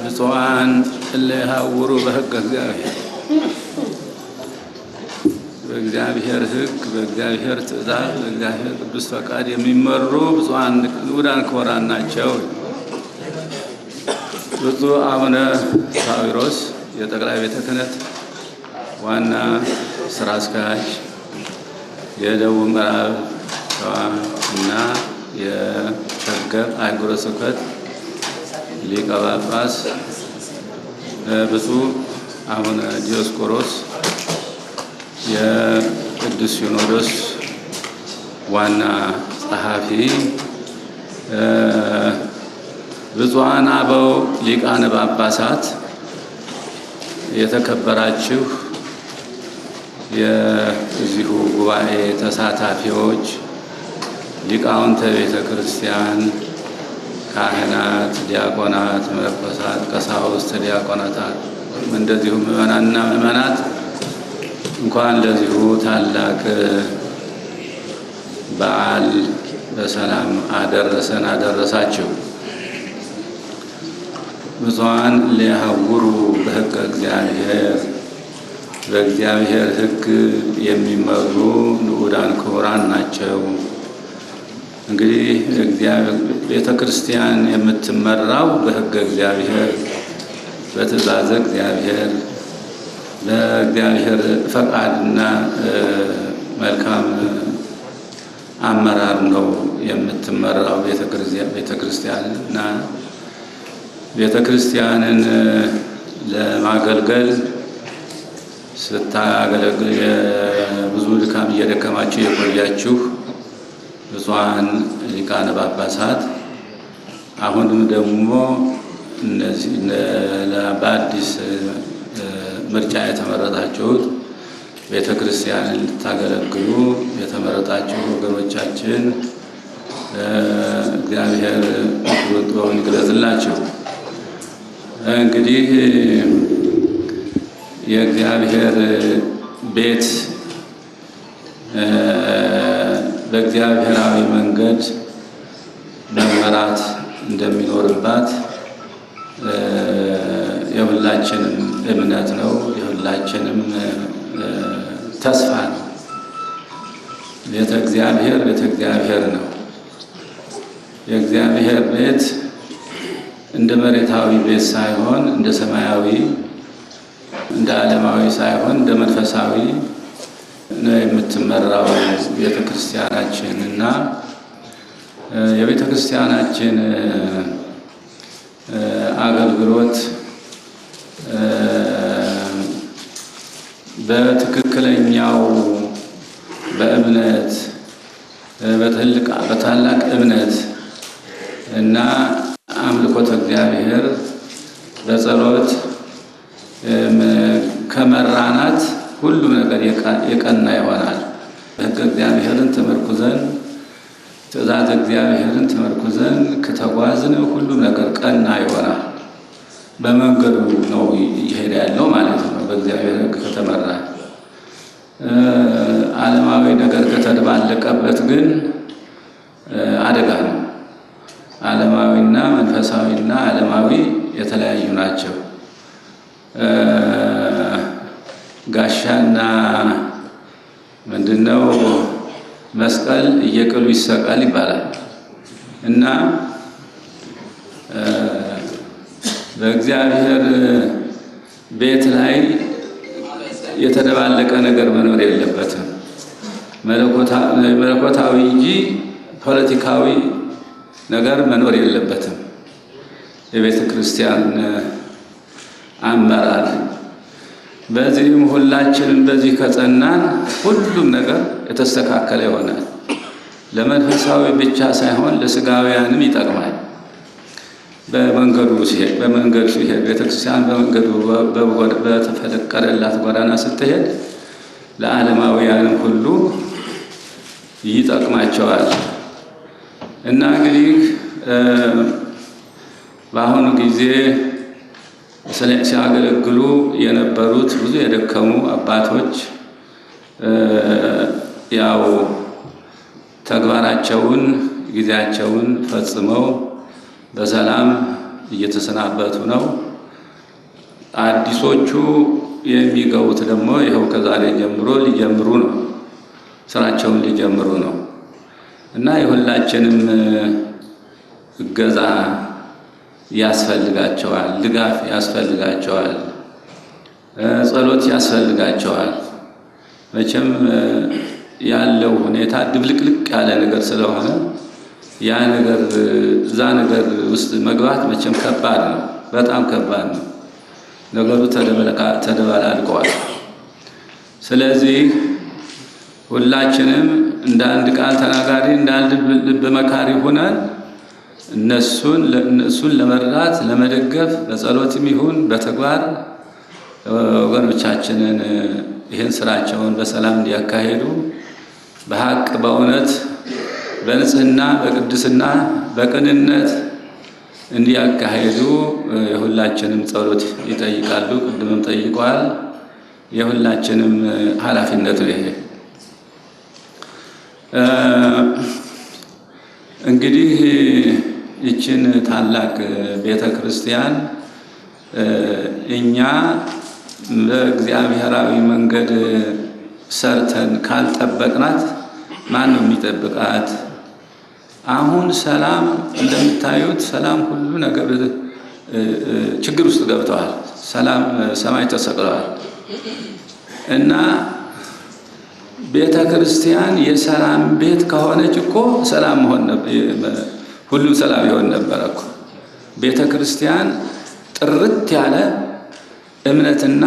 ብፁዓን እለይሃውሩ በሕገ እግዚአብሔር በእግዚአብሔር ህግ፣ በእግዚአብሔር ትእዛዝ በእግዚአብሔር ቅዱስ ፈቃድ የሚመሩ ብፁዓን ውዳን ክቡራን ናቸው። ብፁዕ አቡነ ሳዊሮስ የጠቅላይ ቤተ ክህነት ዋና ስራ አስኪያጅ የደቡብ ምዕራብ ሸዋ እና የሸገር አህጉረ ስብከት ሊቀ ጳጳስ ብፁዕ አቡነ ዲዮስቆሮስ የቅዱስ ሲኖዶስ ዋና ጸሐፊ፣ ብፁዓን አበው ሊቃነ ጳጳሳት፣ የተከበራችሁ የዚሁ ጉባኤ ተሳታፊዎች፣ ሊቃውንተ ቤተ ክርስቲያን፣ ካህናት፣ ዲያቆናት፣ መነኮሳት፣ ቀሳውስት፣ ዲያቆናታት እንደዚሁ ምእመናንና ምዕመናት እንኳን ለዚሁ ታላቅ በዓል በሰላም አደረሰን አደረሳችሁ። ብፁዓን ሊያውሩ በሕገ እግዚአብሔር በእግዚአብሔር ሕግ የሚመሩ ንዑዳን ክቡራን ናቸው። እንግዲህ ቤተ ክርስቲያን የምትመራው በሕገ እግዚአብሔር፣ በትእዛዘ እግዚአብሔር፣ በእግዚአብሔር ፈቃድና መልካም አመራር ነው የምትመራው ቤተ ክርስቲያን እና ቤተ ክርስቲያንን ለማገልገል ስታገለግል ብዙ ድካም እየደከማችሁ የቆያችሁ ብፁዓን ሊቃነ ጳጳሳት አሁንም ደግሞ በአዲስ ምርጫ የተመረጣችሁት ቤተ ክርስቲያንን ልታገለግሉ የተመረጣችሁ ወገኖቻችን እግዚአብሔር ጥሩን ይግለጽላችሁ። እንግዲህ የእግዚአብሔር ቤት በእግዚአብሔራዊ መንገድ መመራት እንደሚኖርባት የሁላችንም እምነት ነው፣ የሁላችንም ተስፋ ነው። ቤተ እግዚአብሔር ቤተ እግዚአብሔር ነው። የእግዚአብሔር ቤት እንደ መሬታዊ ቤት ሳይሆን እንደ ሰማያዊ እንደ ዓለማዊ ሳይሆን እንደ መንፈሳዊ ነው የምትመራው ቤተ ክርስቲያናችን እና የቤተ ክርስቲያናችን አገልግሎት በትክክለኛው በእምነት በታላቅ እምነት እና አምልኮት እግዚአብሔር በጸሎት ከመራናት ሁሉም ነገር የቀና ይሆናል። ሕገ እግዚአብሔርን ተመርኩዘን ትእዛዝ እግዚአብሔርን ተመርኩዘን ከተጓዝን ሁሉም ነገር ቀና ይሆናል። በመንገዱ ነው እየሄደ ያለው ማለት ነው። በእግዚአብሔር ሕግ ከተመራ ዓለማዊ ነገር ከተደባለቀበት ግን አደጋ ነው። ዓለማዊና መንፈሳዊና ዓለማዊ የተለያዩ ናቸው። ጋሻና ምንድነው መስቀል እየቅሉ ይሰቃል ይባላል እና በእግዚአብሔር ቤት ላይ የተደባለቀ ነገር መኖር የለበትም። መለኮታዊ እንጂ ፖለቲካዊ ነገር መኖር የለበትም። የቤተ ክርስቲያን አመራር በዚህም ሁላችንም በዚህ ከጸናን ሁሉም ነገር የተስተካከለ ይሆናል። ለመንፈሳዊ ብቻ ሳይሆን ለስጋውያንም ይጠቅማል። በመንገዱ ሲሄድ በመንገድ ሲሄድ ቤተክርስቲያን በመንገዱ በተፈለቀደላት ጎዳና ስትሄድ ለዓለማውያንም ሁሉ ይጠቅማቸዋል እና እንግዲህ በአሁኑ ጊዜ ሲያገለግሉ የነበሩት ብዙ የደከሙ አባቶች ያው ተግባራቸውን ጊዜያቸውን ፈጽመው በሰላም እየተሰናበቱ ነው። አዲሶቹ የሚገቡት ደግሞ ይኸው ከዛሬ ጀምሮ ሊጀምሩ ነው፣ ስራቸውን ሊጀምሩ ነው እና የሁላችንም እገዛ ያስፈልጋቸዋል፣ ድጋፍ ያስፈልጋቸዋል፣ ጸሎት ያስፈልጋቸዋል። መቼም ያለው ሁኔታ ድብልቅልቅ ያለ ነገር ስለሆነ ያ ነገር እዛ ነገር ውስጥ መግባት መቼም ከባድ ነው፣ በጣም ከባድ ነው። ነገሩ ተደባላልቀዋል። ስለዚህ ሁላችንም እንደ አንድ ቃል ተናጋሪ እንደ አንድ ልብ መካሪ ሆነን እነሱን እሱን ለመርዳት ለመደገፍ በጸሎትም ይሁን በተግባር ወገኖቻችንን ይህን ስራቸውን በሰላም እንዲያካሄዱ በሀቅ በእውነት በንጽህና በቅድስና በቅንነት እንዲያካሄዱ የሁላችንም ጸሎት ይጠይቃሉ። ቅድምም ጠይቋል። የሁላችንም ኃላፊነት ነው ይሄ። እንግዲህ ይችን ታላቅ ቤተ ክርስቲያን እኛ በእግዚአብሔራዊ መንገድ ሰርተን ካልጠበቅናት ማን ነው የሚጠብቃት? አሁን ሰላም እንደምታዩት ሰላም ሁሉ ነገር ችግር ውስጥ ገብተዋል። ሰላም ሰማይ ተሰቅለዋል እና ቤተ ክርስቲያን የሰላም ቤት ከሆነች እኮ ሰላም መሆን ሁሉም ሰላም ይሆን ነበረ እኮ። ቤተ ክርስቲያን ጥርት ያለ እምነትና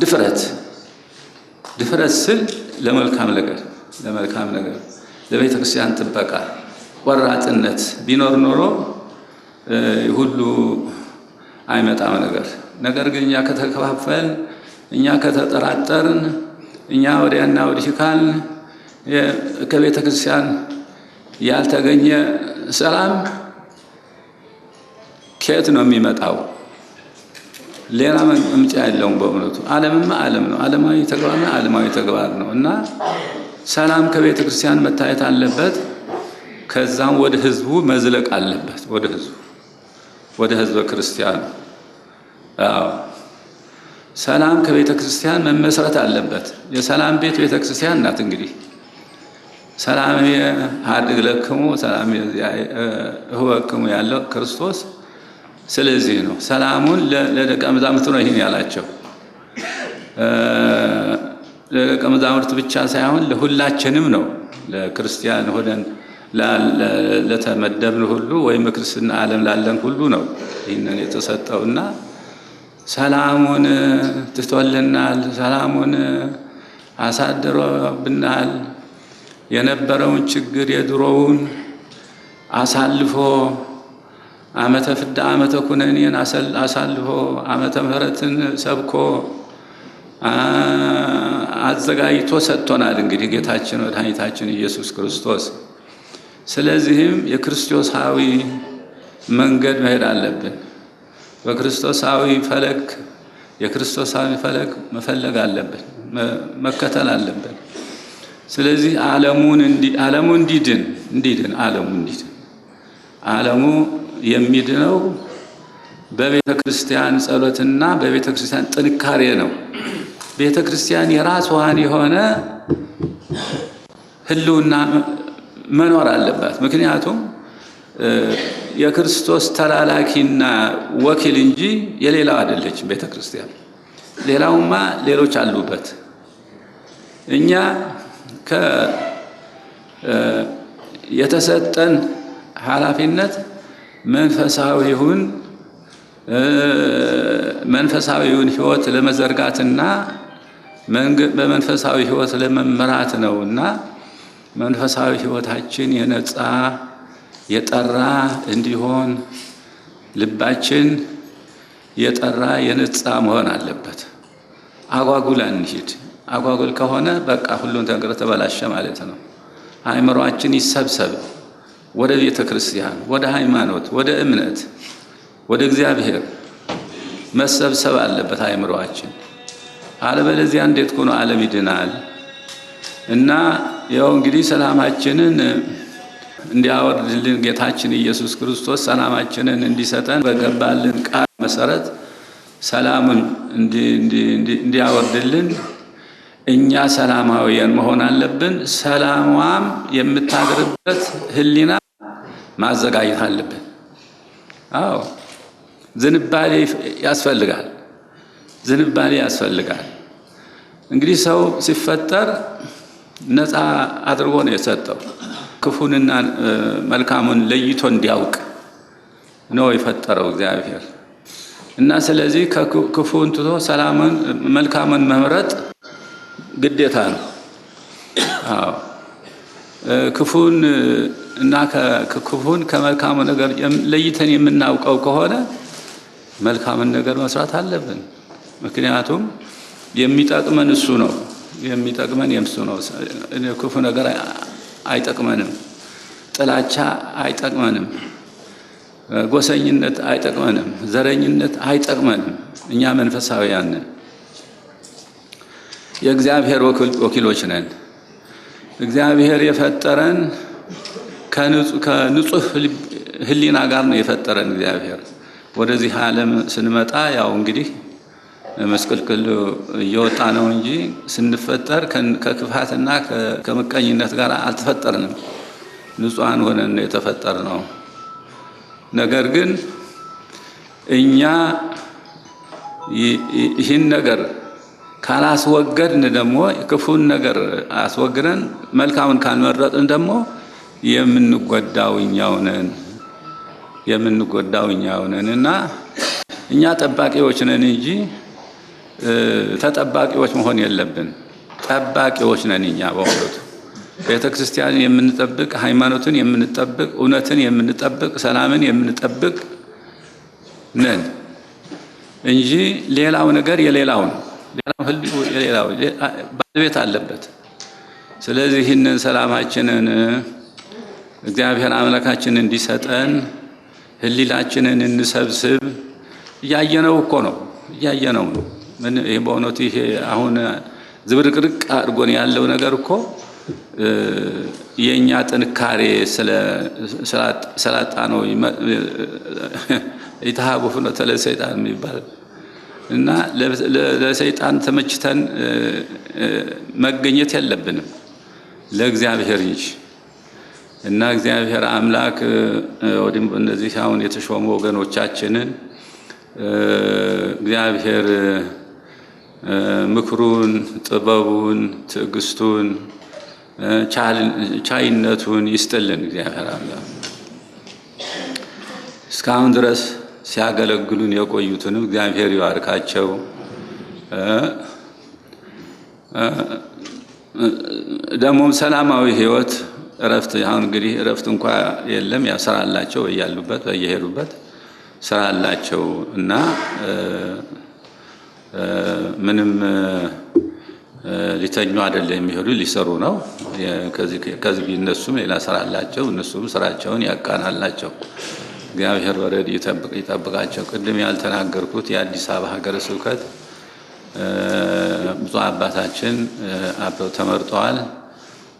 ድፍረት ድፍረት ስል ለመልካም ነገር ለመልካም ነገር ለቤተ ክርስቲያን ጥበቃ ቆራጥነት ቢኖር ኖሮ ሁሉ አይመጣም ነገር። ነገር ግን እኛ ከተከፋፈል፣ እኛ ከተጠራጠርን፣ እኛ ወዲያና ወዲህ ካልን ከቤተ ክርስቲያን ያልተገኘ ሰላም ከየት ነው የሚመጣው? ሌላ መምጫ የለውም። በእውነቱ ዓለምማ ዓለም ነው። ዓለማዊ ተግባርና ዓለማዊ ተግባር ነው እና ሰላም ከቤተ ክርስቲያን መታየት አለበት። ከዛም ወደ ህዝቡ መዝለቅ አለበት። ወደ ህዝቡ ወደ ህዝበ ክርስቲያኑ ሰላም ከቤተ ክርስቲያን መመስረት አለበት። የሰላም ቤት ቤተ ክርስቲያን ናት እንግዲህ ሰላም ሀድግ ለክሙ ሰላም ህወክሙ ያለው ክርስቶስ ስለዚህ ነው። ሰላሙን ለደቀ መዛሙርት ነው ይህን ያላቸው። ለደቀ መዛሙርት ብቻ ሳይሆን ለሁላችንም ነው። ለክርስቲያን ሆነን ለተመደብን ሁሉ ወይም ክርስትና ዓለም ላለን ሁሉ ነው ይህንን የተሰጠውና ሰላሙን ትቶልናል፣ ሰላሙን አሳድሮብናል። የነበረውን ችግር የድሮውን አሳልፎ ዓመተ ፍዳ ዓመተ ኩነኔን አሳልፎ ዓመተ ምሕረትን ሰብኮ አዘጋጅቶ ሰጥቶናል። እንግዲህ ጌታችን መድኃኒታችን ኢየሱስ ክርስቶስ። ስለዚህም የክርስቶሳዊ መንገድ መሄድ አለብን። በክርስቶሳዊ ፈለግ የክርስቶሳዊ ፈለግ መፈለግ አለብን፣ መከተል አለብን። ስለዚህ ዓለሙን ዓለሙ እንዲድን እንዲድን ዓለሙ እንዲድን ዓለሙ የሚድነው በቤተ ክርስቲያን ጸሎትና በቤተ ክርስቲያን ጥንካሬ ነው። ቤተ ክርስቲያን የራስዋን የሆነ ህልውና መኖር አለባት። ምክንያቱም የክርስቶስ ተላላኪና ወኪል እንጂ የሌላው አይደለችም። ቤተ ክርስቲያን ሌላውማ ሌሎች አሉበት እኛ የተሰጠን ኃላፊነት መንፈሳዊውን መንፈሳዊውን ህይወት ለመዘርጋትና በመንፈሳዊ ህይወት ለመምራት ነው እና መንፈሳዊ ህይወታችን የነጻ የጠራ እንዲሆን ልባችን የጠራ የነጻ መሆን አለበት። አጓጉል አንሂድ። አጓጉል ከሆነ በቃ ሁሉን ነገር ተበላሸ ማለት ነው። አእምሯችን ይሰብሰብ ወደ ቤተ ክርስቲያን፣ ወደ ሃይማኖት፣ ወደ እምነት፣ ወደ እግዚአብሔር መሰብሰብ አለበት አእምሯችን። አለበለዚያ እንዴት ሆኖ ዓለም ይድናል? እና ያው እንግዲህ ሰላማችንን እንዲያወርድልን ጌታችን ኢየሱስ ክርስቶስ ሰላማችንን እንዲሰጠን በገባልን ቃል መሰረት ሰላሙን እንዲያወርድልን እኛ ሰላማዊያን መሆን አለብን። ሰላሟም የምታድርበት ህሊና ማዘጋጀት አለብን። አዎ ዝንባሌ ያስፈልጋል። ዝንባሌ ያስፈልጋል። እንግዲህ ሰው ሲፈጠር ነፃ አድርጎ ነው የሰጠው። ክፉንና መልካሙን ለይቶ እንዲያውቅ ነው የፈጠረው እግዚአብሔር እና ስለዚህ ክፉን ትቶ ሰላምን መልካምን መምረጥ ግዴታ ነው። አዎ ክፉን እና ክፉን ከመልካሙ ነገር ለይተን የምናውቀው ከሆነ መልካምን ነገር መስራት አለብን። ምክንያቱም የሚጠቅመን እሱ ነው። የሚጠቅመን የምሱ ነው። ክፉ ነገር አይጠቅመንም። ጥላቻ አይጠቅመንም። ጎሰኝነት አይጠቅመንም። ዘረኝነት አይጠቅመንም። እኛ መንፈሳዊያን ነን። የእግዚአብሔር ወኪሎች ነን። እግዚአብሔር የፈጠረን ከንጹህ ሕሊና ጋር ነው የፈጠረን። እግዚአብሔር ወደዚህ ዓለም ስንመጣ ያው እንግዲህ መስቅልቅል እየወጣ ነው እንጂ ስንፈጠር ከክፋትና ከምቀኝነት ጋር አልተፈጠርንም። ንጹሐን ሆነን ነው የተፈጠር ነው። ነገር ግን እኛ ይህን ነገር ካላስወገድን ደግሞ ክፉን ነገር አስወግደን መልካምን ካልመረጥን ደግሞ የምንጎዳው እኛው ነን የምንጎዳው እኛው ነን እና እኛ ጠባቂዎች ነን እንጂ ተጠባቂዎች መሆን የለብን። ጠባቂዎች ነን እኛ በሁሉት ቤተ ክርስቲያንን የምንጠብቅ፣ ሃይማኖትን የምንጠብቅ፣ እውነትን የምንጠብቅ፣ ሰላምን የምንጠብቅ ነን እንጂ ሌላው ነገር የሌላው ነው። ሌላም ህልው የሌላው ባለቤት አለበት። ስለዚህ ይህንን ሰላማችንን እግዚአብሔር አምላካችን እንዲሰጠን ህሊላችንን እንሰብስብ። እያየነው እኮ ነው እያየነው ነው። ምን ይህ በእውነቱ ይሄ አሁን ዝብርቅርቅ አድርጎን ያለው ነገር እኮ የእኛ ጥንካሬ ስላጣ ነው። ይተሃቡ ፍኖተ ለሰይጣን የሚባል እና ለሰይጣን ተመችተን መገኘት የለብንም ለእግዚአብሔር እንጂ እና እግዚአብሔር አምላክ እነዚህ አሁን የተሾሙ ወገኖቻችንን እግዚአብሔር ምክሩን፣ ጥበቡን፣ ትዕግስቱን፣ ቻይነቱን ይስጥልን። እግዚአብሔር አምላክ እስካሁን ድረስ ሲያገለግሉን የቆዩትንም እግዚአብሔር ይባርካቸው። ደግሞም ሰላማዊ ህይወት እረፍት አሁን እንግዲህ እረፍት እንኳ የለም። ያ ስራ አላቸው እያሉበት እየሄዱበት ስራ አላቸው እና ምንም ሊተኙ አይደለም የሚሄዱ ሊሰሩ ነው። ከዚህ እነሱም ሌላ ስራ አላቸው፣ እነሱም ስራቸውን ያቃናላቸው። እግዚአብሔር ወረድ ይጠብቃቸው። ቅድም ያልተናገርኩት የአዲስ አበባ ሀገረ ስብከት ብፁዕ አባታችን አበው ተመርጠዋል።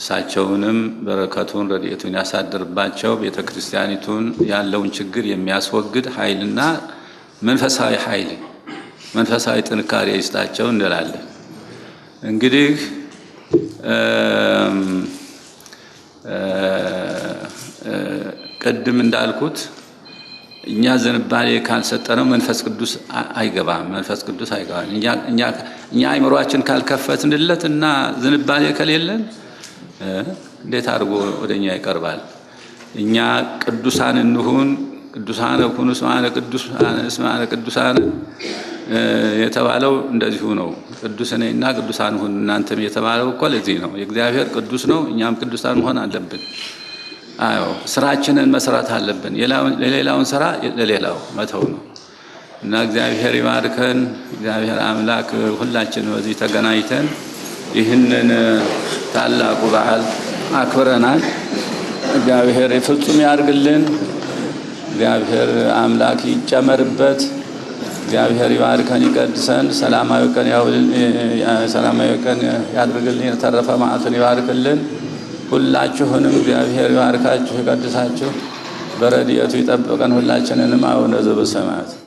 እሳቸውንም በረከቱን ረድኤቱን ያሳድርባቸው። ቤተ ክርስቲያኒቱን ያለውን ችግር የሚያስወግድ ኃይልና መንፈሳዊ ኃይል መንፈሳዊ ጥንካሬ ይስጣቸው እንላለን። እንግዲህ ቅድም እንዳልኩት እኛ ዝንባሌ ካልሰጠነው መንፈስ ቅዱስ አይገባም። መንፈስ ቅዱስ አይገባም። እኛ አይምሯችን ካልከፈትንለት እና ዝንባሌ ከሌለን እንዴት አድርጎ ወደ እኛ ይቀርባል? እኛ ቅዱሳን እንሁን፣ ቅዱሳን ሁኑ፣ ስማነ ቅዱሳን ስማነ ቅዱሳን የተባለው እንደዚሁ ነው። ቅዱስ እኔና ቅዱሳን ሁን እናንተም የተባለው እኮ ለዚህ ነው። የእግዚአብሔር ቅዱስ ነው። እኛም ቅዱሳን መሆን አለብን። አዎ ስራችንን መስራት አለብን። የሌላውን ስራ ለሌላው መተው ነው እና እግዚአብሔር ይባርከን። እግዚአብሔር አምላክ ሁላችን በዚህ ተገናኝተን ይህንን ታላቁ በዓል አክብረናል። እግዚአብሔር ፍጹም ያድርግልን። እግዚአብሔር አምላክ ይጨመርበት። እግዚአብሔር ይባርከን፣ ይቀድሰን። ሰላማዊ ቀን ያድርግልን። የተረፈ መዓቱን ይባርክልን። ሁላችሁንም እግዚአብሔር ይባርካችሁ ይቀድሳችሁ፣ በረድኤቱ ይጠብቀን ሁላችንንም። አቡነ ዘበሰማያት